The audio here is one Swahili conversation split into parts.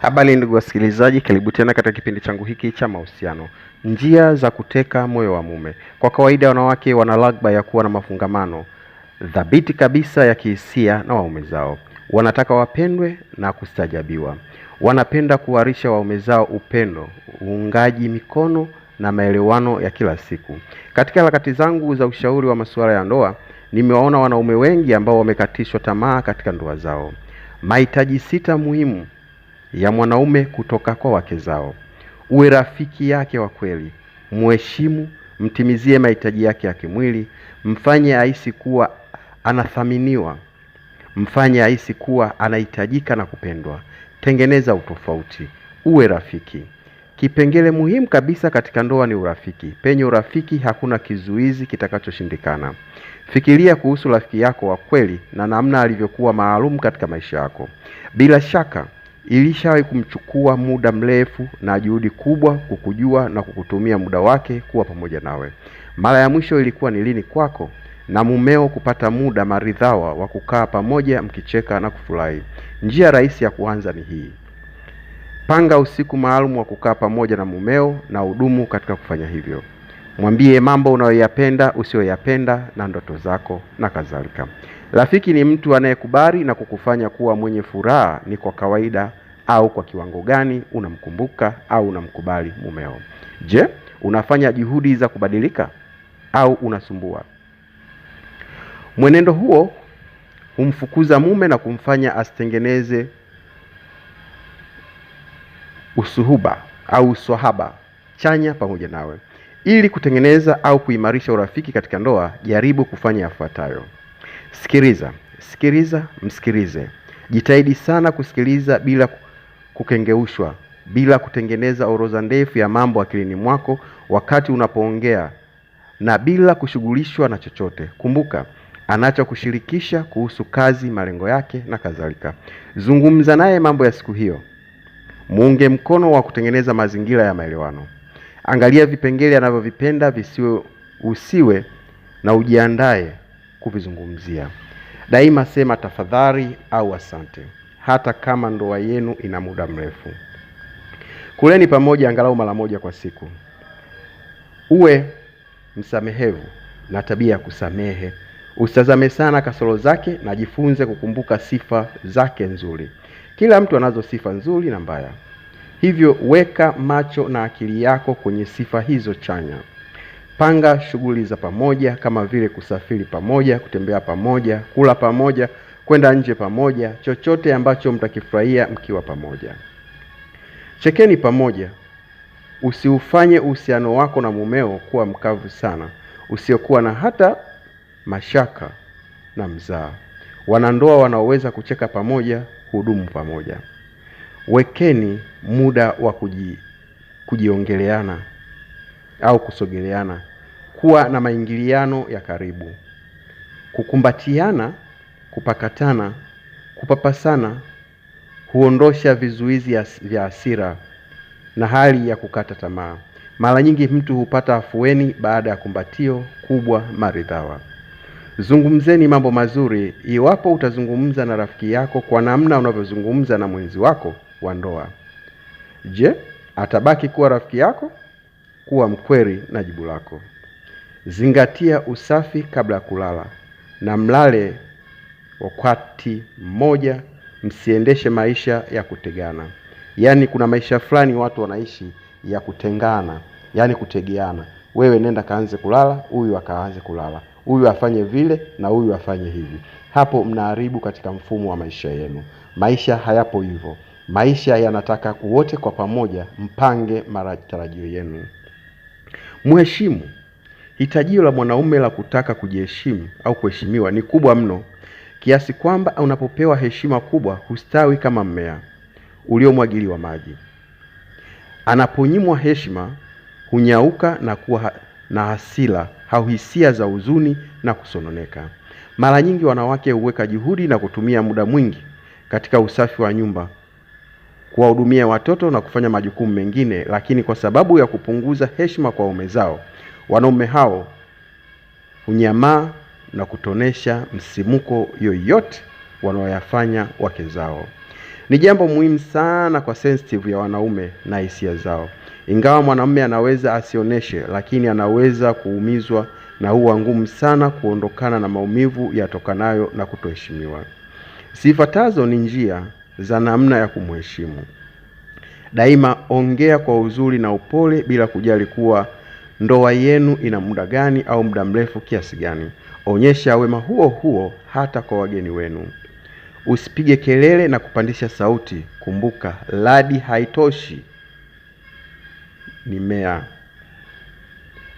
Habari ndugu wasikilizaji, karibu tena katika kipindi changu hiki cha mahusiano, njia za kuteka moyo wa mume. Kwa kawaida, wanawake wana lagba ya kuwa na mafungamano thabiti kabisa ya kihisia na waume zao. Wanataka wapendwe na kustajabiwa, wanapenda kuwarisha waume zao upendo, uungaji mikono na maelewano ya kila siku. Katika harakati zangu za ushauri wa masuala ya ndoa, nimewaona wanaume wengi ambao wamekatishwa tamaa katika ndoa zao. Mahitaji sita muhimu ya mwanaume kutoka kwa wake zao. Uwe rafiki yake wa kweli, mheshimu, mtimizie mahitaji yake ya kimwili, mfanye ahisi kuwa anathaminiwa, mfanye ahisi kuwa anahitajika na kupendwa. Tengeneza utofauti, uwe rafiki. Kipengele muhimu kabisa katika ndoa ni urafiki. Penye urafiki hakuna kizuizi kitakachoshindikana. Fikiria kuhusu rafiki yako wa kweli na namna alivyokuwa maalum katika maisha yako. Bila shaka ilishawahi kumchukua muda mrefu na juhudi kubwa kukujua na kukutumia muda wake kuwa pamoja nawe. Mara ya mwisho ilikuwa ni lini kwako na mumeo kupata muda maridhawa wa kukaa pamoja mkicheka na kufurahi? Njia rahisi ya kuanza ni hii: panga usiku maalum wa kukaa pamoja na mumeo na udumu katika kufanya hivyo. Mwambie mambo unayoyapenda, usiyoyapenda, na ndoto zako na kadhalika. Rafiki ni mtu anayekubali na kukufanya kuwa mwenye furaha. Ni kwa kawaida au kwa kiwango gani unamkumbuka au unamkubali mumeo? Je, unafanya juhudi za kubadilika au unasumbua? Mwenendo huo humfukuza mume na kumfanya asitengeneze usuhuba au swahaba chanya pamoja nawe. Ili kutengeneza au kuimarisha urafiki katika ndoa, jaribu kufanya yafuatayo. Sikiliza, sikiliza, msikilize. Jitahidi sana kusikiliza bila kukengeushwa, bila kutengeneza orodha ndefu ya mambo akilini mwako wakati unapoongea na bila kushughulishwa na chochote. Kumbuka anachokushirikisha kuhusu kazi, malengo yake na kadhalika. Zungumza naye mambo ya siku hiyo, muunge mkono wa kutengeneza mazingira ya maelewano. Angalia vipengele anavyovipenda visiwe usiwe na ujiandae kuvizungumzia. Daima sema tafadhali au asante, hata kama ndoa yenu ina muda mrefu. Kuleni pamoja angalau mara moja kwa siku. Uwe msamehevu na tabia ya kusamehe. Usitazame sana kasoro zake, na jifunze kukumbuka sifa zake nzuri. Kila mtu anazo sifa nzuri na mbaya, hivyo weka macho na akili yako kwenye sifa hizo chanya. Panga shughuli za pamoja kama vile kusafiri pamoja, kutembea pamoja, kula pamoja, kwenda nje pamoja, chochote ambacho mtakifurahia mkiwa pamoja. Chekeni pamoja. Usiufanye uhusiano wako na mumeo kuwa mkavu sana, usiokuwa na hata mashaka na mzaa. Wanandoa wanaoweza kucheka pamoja hudumu pamoja. Wekeni muda wa kuji, kujiongeleana au kusogeleana, kuwa na maingiliano ya karibu, kukumbatiana, kupakatana, kupapasana huondosha vizuizi vya hasira na hali ya kukata tamaa. Mara nyingi mtu hupata afueni baada ya kumbatio kubwa maridhawa. Zungumzeni mambo mazuri. Iwapo utazungumza na rafiki yako kwa namna unavyozungumza na mwenzi wako wa ndoa, je, atabaki kuwa rafiki yako? kuwa mkweli na jibu lako. Zingatia usafi kabla ya kulala na mlale wakati mmoja. Msiendeshe maisha ya kutegana. Yaani kuna maisha fulani watu wanaishi ya kutengana, yaani kutegeana. Wewe nenda kaanze kulala, huyu akaanze kulala, huyu afanye vile na huyu afanye hivi. Hapo mnaharibu katika mfumo wa maisha yenu. Maisha hayapo hivyo. Maisha yanataka wote kwa pamoja mpange matarajio yenu. Mheshimu. Hitajio la mwanaume la kutaka kujiheshimu au kuheshimiwa ni kubwa mno kiasi kwamba unapopewa heshima kubwa hustawi kama mmea uliomwagiliwa maji. Anaponyimwa heshima hunyauka na kuwa ha na hasira au hisia za huzuni na kusononeka. Mara nyingi wanawake huweka juhudi na kutumia muda mwingi katika usafi wa nyumba kuwahudumia watoto na kufanya majukumu mengine, lakini kwa sababu ya kupunguza heshima kwa waume zao, wanaume hao hunyamaa na kutonesha msimuko yoyote wanaoyafanya wake zao. Ni jambo muhimu sana kwa sensitive ya wanaume na hisia zao. Ingawa mwanaume anaweza asionyeshe, lakini anaweza kuumizwa na huwa ngumu sana kuondokana na maumivu yatokanayo na kutoheshimiwa. sifatazo ni njia za namna ya kumheshimu. Daima ongea kwa uzuri na upole, bila kujali kuwa ndoa yenu ina muda gani au muda mrefu kiasi gani. Onyesha wema huo huo hata kwa wageni wenu. Usipige kelele na kupandisha sauti. Kumbuka, radi haitoshi mimea,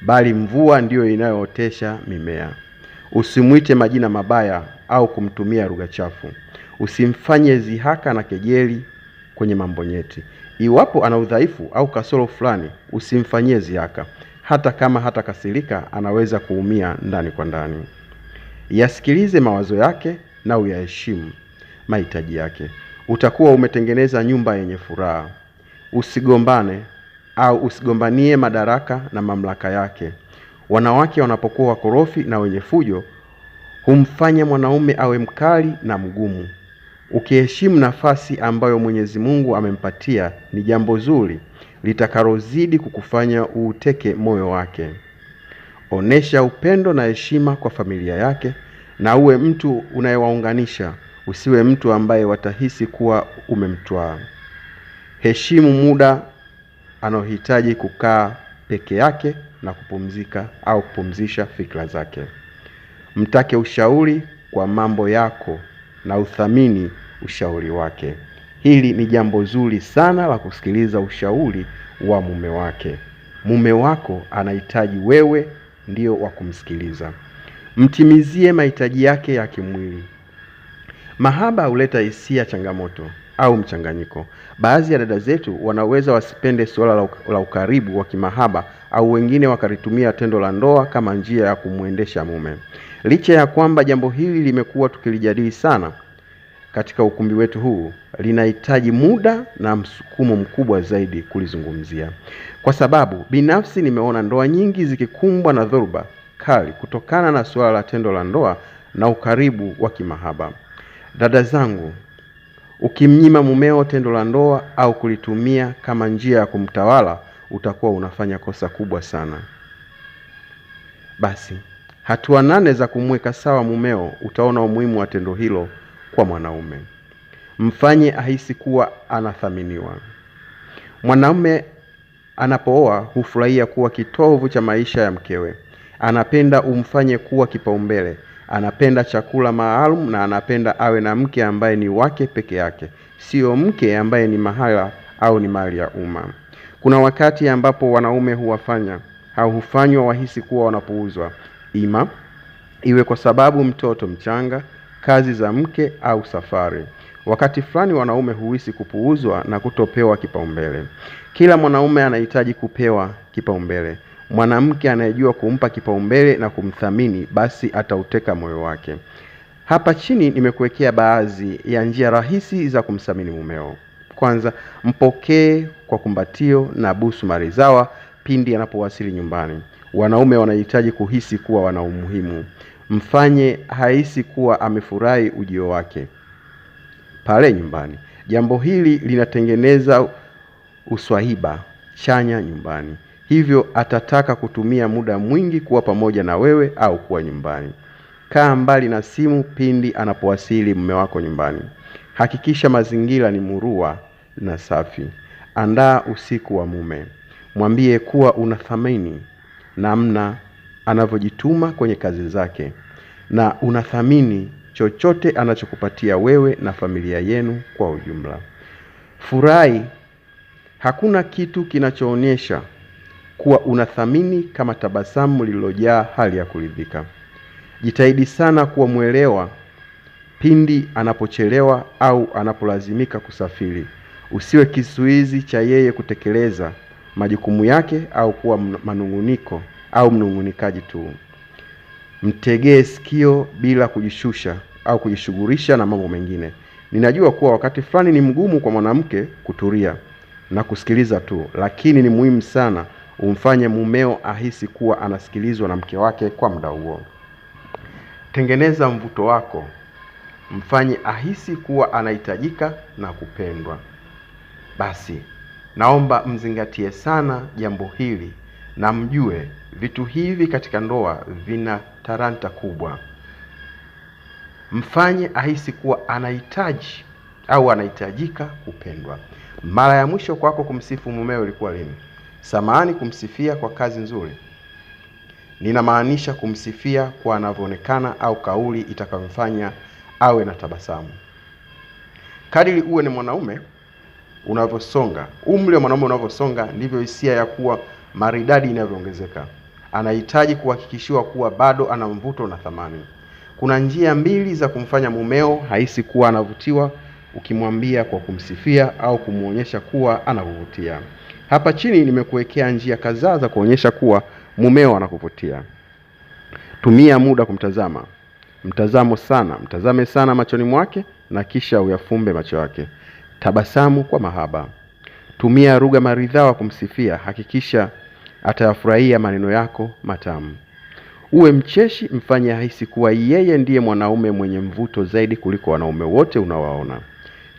bali mvua ndiyo inayootesha mimea. Usimwite majina mabaya au kumtumia lugha chafu. Usimfanye zihaka na kejeli kwenye mambo nyeti. Iwapo ana udhaifu au kasoro fulani, usimfanyie zihaka Hata kama hata kasirika anaweza kuumia ndani kwa ndani. Yasikilize mawazo yake na uyaheshimu mahitaji yake. Utakuwa umetengeneza nyumba yenye furaha. Usigombane au usigombanie madaraka na mamlaka yake. Wanawake wanapokuwa wakorofi na wenye fujo humfanya mwanaume awe mkali na mgumu. Ukiheshimu nafasi ambayo Mwenyezi Mungu amempatia ni jambo zuri litakalozidi kukufanya uuteke moyo wake. Onesha upendo na heshima kwa familia yake na uwe mtu unayewaunganisha, usiwe mtu ambaye watahisi kuwa umemtwaa. Heshimu muda anaohitaji kukaa peke yake na kupumzika au kupumzisha fikra zake. Mtake ushauri kwa mambo yako na uthamini ushauri wake. Hili ni jambo zuri sana la kusikiliza ushauri wa mume wake. Mume wako anahitaji wewe ndio wa kumsikiliza. Mtimizie mahitaji yake ya kimwili. Mahaba huleta hisia changamoto au mchanganyiko. Baadhi ya dada zetu wanaweza wasipende suala la ukaribu wa kimahaba, au wengine wakalitumia tendo la ndoa kama njia ya kumwendesha mume. Licha ya kwamba jambo hili limekuwa tukilijadili sana katika ukumbi wetu huu, linahitaji muda na msukumo mkubwa zaidi kulizungumzia, kwa sababu binafsi nimeona ndoa nyingi zikikumbwa na dhoruba kali kutokana na suala la tendo la ndoa na ukaribu wa kimahaba. Dada zangu, ukimnyima mumeo tendo la ndoa au kulitumia kama njia ya kumtawala, utakuwa unafanya kosa kubwa sana. Basi Hatua nane za kumweka sawa mumeo, utaona umuhimu wa tendo hilo kwa mwanaume. Mfanye ahisi kuwa anathaminiwa. Mwanaume anapooa hufurahia kuwa kitovu cha maisha ya mkewe. Anapenda umfanye kuwa kipaumbele, anapenda chakula maalum na anapenda awe na mke ambaye ni wake peke yake, sio mke ambaye ni mahala au ni mali ya umma. Kuna wakati ambapo wanaume huwafanya au hufanywa wahisi kuwa wanapuuzwa ima, iwe kwa sababu mtoto mchanga, kazi za mke au safari. Wakati fulani wanaume huhisi kupuuzwa na kutopewa kipaumbele. Kila mwanaume anahitaji kupewa kipaumbele. Mwanamke anayejua kumpa kipaumbele na kumthamini, basi atauteka moyo wake. Hapa chini nimekuwekea baadhi ya njia rahisi za kumthamini mumeo. Kwanza, mpokee kwa kumbatio na busu marizawa pindi anapowasili nyumbani. Wanaume wanahitaji kuhisi kuwa wana umuhimu. Mfanye hahisi kuwa amefurahi ujio wake pale nyumbani. Jambo hili linatengeneza uswahiba chanya nyumbani, hivyo atataka kutumia muda mwingi kuwa pamoja na wewe au kuwa nyumbani. Kaa mbali na simu pindi anapowasili mume wako nyumbani. Hakikisha mazingira ni murua na safi. Andaa usiku wa mume, mwambie kuwa unathamini namna anavyojituma kwenye kazi zake na unathamini chochote anachokupatia wewe na familia yenu kwa ujumla. Furahi. Hakuna kitu kinachoonyesha kuwa unathamini kama tabasamu lililojaa hali ya kuridhika. Jitahidi sana kuwa mwelewa pindi anapochelewa au anapolazimika kusafiri. Usiwe kizuizi cha yeye kutekeleza majukumu yake au kuwa manunguniko au mnungunikaji tu. Mtegee sikio bila kujishusha au kujishughulisha na mambo mengine. Ninajua kuwa wakati fulani ni mgumu kwa mwanamke kutulia na kusikiliza tu, lakini ni muhimu sana umfanye mumeo ahisi kuwa anasikilizwa na mke wake kwa muda huo. Tengeneza mvuto wako, mfanye ahisi kuwa anahitajika na kupendwa. Basi Naomba mzingatie sana jambo hili na mjue vitu hivi katika ndoa vina talanta kubwa. Mfanye ahisi kuwa anahitaji au anahitajika kupendwa. Mara ya mwisho kwako kumsifu mumeo ilikuwa lini? Samahani, kumsifia kwa kazi nzuri ninamaanisha kumsifia kwa anavyoonekana au kauli itakayomfanya awe na tabasamu. Kadiri uwe ni mwanaume unavyosonga, umri wa mwanaume unavyosonga, ndivyo hisia ya kuwa maridadi inavyoongezeka. Anahitaji kuhakikishiwa kuwa bado ana mvuto na thamani. Kuna njia mbili za kumfanya mumeo hahisi kuwa anavutiwa, ukimwambia kwa kumsifia au kumwonyesha kuwa anakuvutia. Hapa chini nimekuwekea njia kadhaa za kuonyesha kuwa mumeo anakuvutia. Tumia muda kumtazama, mtazamo sana, mtazame sana machoni mwake na kisha uyafumbe macho yake tabasamu kwa mahaba. Tumia lugha maridhawa kumsifia, hakikisha atayafurahia maneno yako matamu. Uwe mcheshi, mfanye ahisi kuwa yeye ndiye mwanaume mwenye mvuto zaidi kuliko wanaume wote unawaona.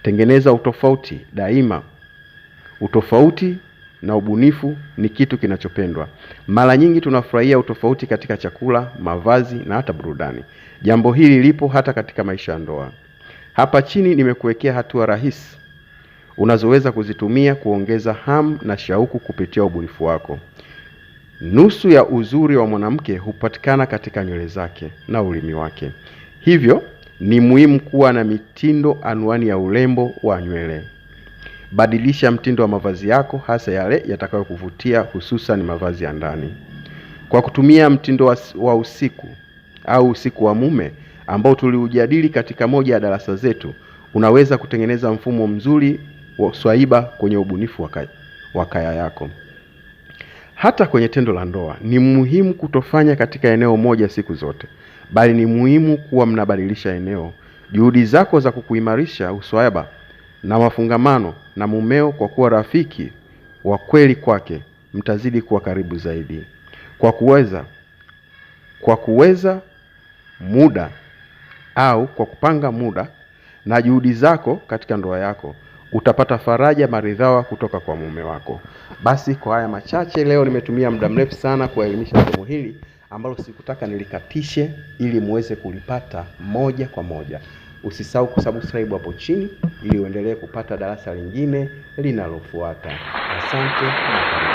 Tengeneza utofauti daima. Utofauti na ubunifu ni kitu kinachopendwa. Mara nyingi tunafurahia utofauti katika chakula, mavazi na hata burudani. Jambo hili lipo hata katika maisha ya ndoa. Hapa chini nimekuwekea hatua rahisi unazoweza kuzitumia kuongeza hamu na shauku kupitia ubunifu wako. Nusu ya uzuri wa mwanamke hupatikana katika nywele zake na ulimi wake, hivyo ni muhimu kuwa na mitindo anwani ya urembo wa nywele. Badilisha mtindo wa mavazi yako, hasa yale yatakayokuvutia, hususan mavazi ya ndani, kwa kutumia mtindo wa, wa usiku au usiku wa mume ambao tuliujadili katika moja ya darasa zetu. Unaweza kutengeneza mfumo mzuri swaiba kwenye ubunifu wa kaya yako. Hata kwenye tendo la ndoa ni muhimu kutofanya katika eneo moja siku zote, bali ni muhimu kuwa mnabadilisha eneo. Juhudi zako za kukuimarisha uswaiba na mafungamano na mumeo, kwa kuwa rafiki wa kweli kwake, mtazidi kuwa karibu zaidi kwa kuweza kwa kuweza muda au kwa kupanga muda na juhudi zako katika ndoa yako utapata faraja maridhawa kutoka kwa mume wako. Basi kwa haya machache leo, nimetumia muda mrefu sana kuwaelimisha somo hili ambalo sikutaka nilikatishe, ili muweze kulipata moja kwa moja. Usisahau kusubscribe hapo chini ili uendelee kupata darasa lingine linalofuata. Asante na